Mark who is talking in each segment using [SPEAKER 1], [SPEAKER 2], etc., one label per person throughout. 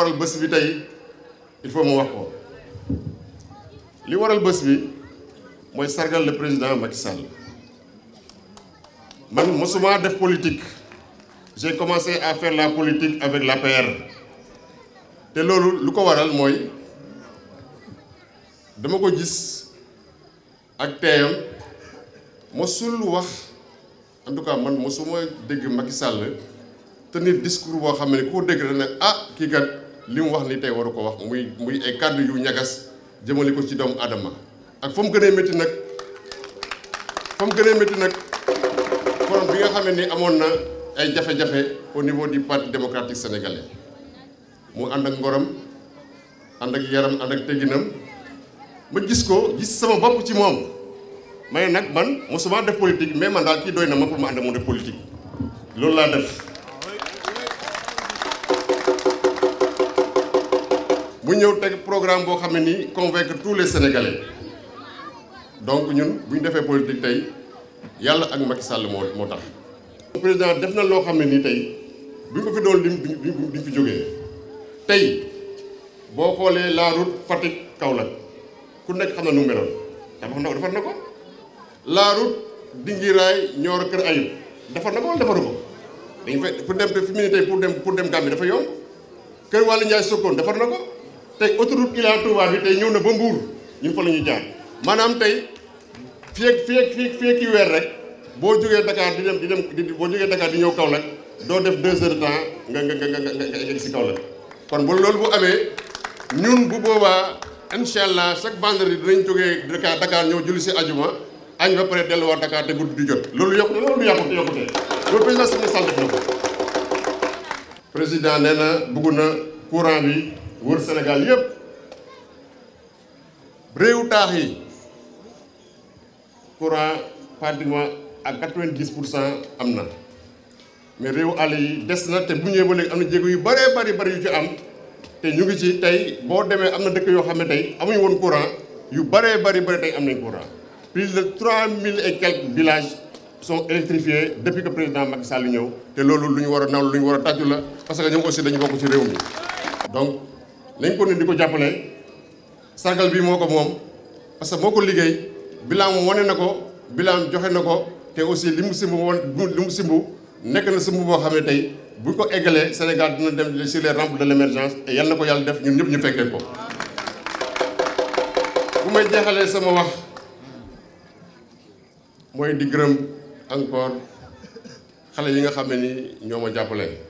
[SPEAKER 1] waral bëss bi tay il faut mu wax ko li waral bëss bi moy sargal le président Macky Sall man musuma def politique j'ai commencé à faire la politique avec la te loolu lu ko waral moy dama ko gis ak teeyam musul wax en tout cas man musuma dégg Macky Sall tenir discours bo xamné ko dégg rek ah ki kat. li mu wax ni tey waru ko wax muy muy ay kàddu yu ñagas jëmale ko ci doomu adama ak fa mu gënee métti nag fa mu gënee métti nag forom bi amoon na ay jafe-jafe au niveau du parti mu ànd ak ngoram ànd ak yaram ànd ak tegginam ma gis ko gis sama bopp ci moom may nag man mosuma def politique mais man daal kii doy na ma pour ma ànd ak moom def politique loolu laa def. mu ñëw teg programme boo xam ne nii convaincre tous les sénégalais donc ñun bu ñu defee politique tey yàlla ak Macky Sall moo moo tax. président def na loo xam ne nii tey bu ñu ko fi doon lim duñ di fi jógee tey boo xoolee la route Fatick la ku nekk xam na nu mu meloon tabax na ko defar na ko la route Dingiraay Nioro Kër Ayib defar na ko wala defaru ko dañu fay pour dem fi mu ne tey pour dem pour dem Gambie dafa yomb Kër Waly Ndiaye Sokone defar na ko. tey autoroute Ila Touba bi tey ñëw na ba Mbour ñun fa la ñuy jaar maanaam tey fii fi fii ak fii ak weer rek boo jógee Dakar di dem di dem boo jógee Dakar di ñëw kaw doo def deux heures si Kaolack kon bu loolu bu amee ñun bu boobaa incha allah chaque di dinañ jógee Dakar Dakar ñëw julli si ajuma añ ba pare delluwaat Dakar te guddi di jot loolu yokku loolu yàqu yokkute loolu président suñu sant def na président nee na bugg na courant bi wër Sénégal yépp réew taax yi courant pratiquement à quatre-vingt-dix pour cent am na mais réew àll yi des na te mu ñëwee ba léegi am na jéego yu bëree bëri bëri yu ci am te ñu ngi ci tey boo demee am na dëkk yoo xam ne tey amuñu woon courant yu bëree bëri bëri tey am nañ courant plus de trois mille et quelques villages sont électrifiés depuis que président Macky Sall ñëw te loolu lu ñu war a naw lu ñu war a tàccu la parce que ñoom aussi dañu bokk ci réew mi lañ ko ne di ko jàppale sargal bi moo ko moom parce que moo ko liggéey bilan moom wane na ko bilan joxe na ko te aussi li mu simb woon li mu simb nekk na simb boo xam ne tey bu ko eggalee Sénégal dina dem sur les rampes de l'émergence et yal na ko yàlla def ñun ñëpp ñu fekkee ko bu may jeexalee sama wax mooy di gërëm encore xale yi nga xam ne ni ñoo ma jàppale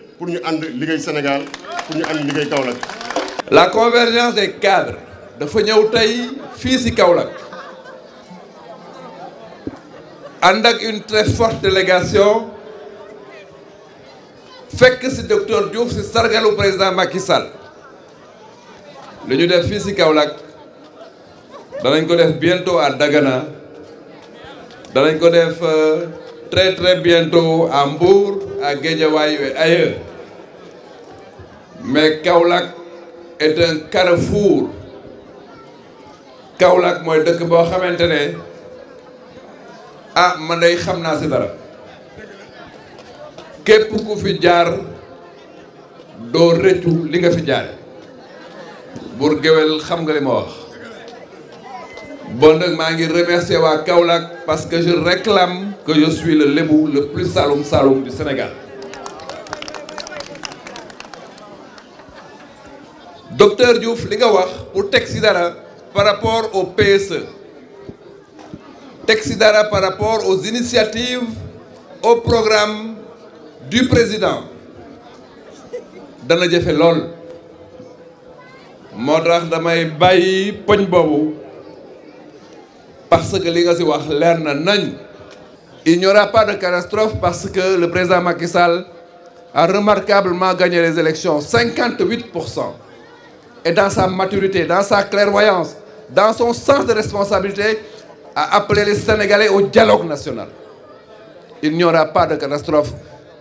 [SPEAKER 1] pour nous ànd au Sénégal pour nous. ànd au Kaolack. la convergence des cadres
[SPEAKER 2] de ñëw tey fii ci Kaolack ànd ak une très forte délégation que ce docteur Diouf ci le président Macky Sall lu ñu def fii ci Kaolack danañ ko bientôt à Dagana Nous ko euh, très très bientôt à Mbour à Guédiawaï et ailleurs. mais Kaolack est un carrefour Kaolack mooy dëkk boo xamante ne ah man day xam naa si dara képp ku fi jaar doo rëccu li nga fi jaare buur géwel xam nga li ma wax bon nag maa ngi remercier waa Kaolack parce que je réclame que je suis le lébou le plus saloum saloum Sénégal docteur Diouf li nga wax pour par rapport au PSE Texidara par rapport aux initiatives au programme du président dana les LOL, moo damay parce que les nga si wax il n'y aura pas de catastrophe parce que le président Macky Sall a remarquablement gagné les élections 58 et dans sa maturité, dans sa clairvoyance, dans son sens de responsabilité, a appelé les Sénégalais au dialogue national. Il n'y aura pas de catastrophe.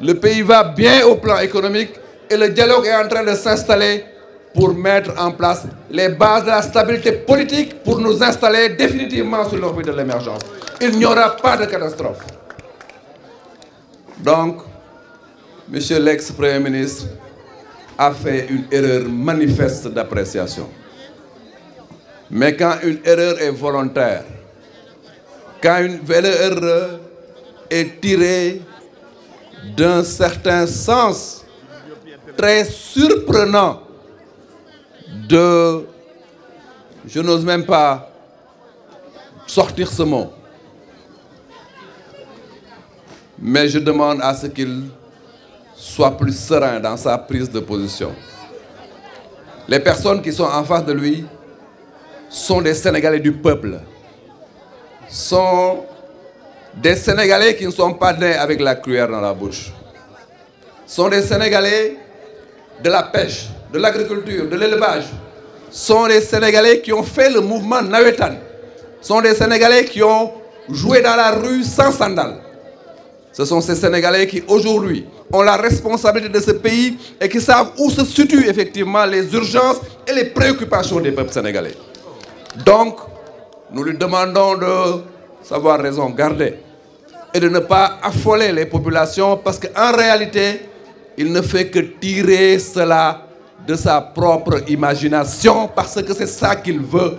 [SPEAKER 2] Le pays va bien au plan économique et le dialogue est en train de s'installer pour mettre en place les bases de la stabilité politique pour nous installer définitivement sur l'orbite de l'émergence. Il n'y aura pas de catastrophe. Donc, Monsieur l'ex-Premier ministre, a fait une erreur manifeste d'appréciation. Mais quand une erreur est volontaire, quand une erreur est tirée d'un certain sens très surprenant de, je n'ose même pas sortir ce mot, mais je demande à ce qu'il soit plus serein dans sa prise de position. Les personnes qui sont en face de lui sont des Sénégalais du peuple, sont des Sénégalais qui ne sont pas nés avec la cuillère dans la bouche, sont des Sénégalais de la pêche, de l'agriculture, de l'élevage, sont des Sénégalais qui ont fait le mouvement Nawetan, sont des Sénégalais qui ont joué dans la rue sans sandales, ce sont ces Sénégalais qui aujourd'hui ont la responsabilité de ce pays et qui savent où se situent effectivement les urgences et les préoccupations des peuples sénégalais. Donc, nous lui demandons de savoir raison garder et de ne pas affoler les populations parce qu'en réalité, il ne fait que tirer cela de sa propre imagination parce que c'est ça qu'il veut.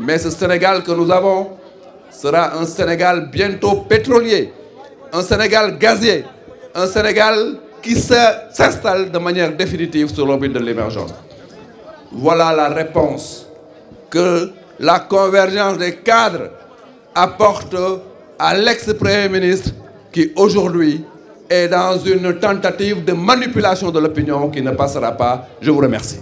[SPEAKER 2] Mais ce Sénégal que nous avons sera un Sénégal bientôt pétrolier, un Sénégal gazier, un Sénégal qui s'installe de manière définitive sur l'orbite de l'émergence. Voilà la réponse que la convergence des cadres apporte à l'ex-premier ministre qui aujourd'hui est dans une tentative de manipulation de l'opinion qui ne passera pas. Je vous remercie.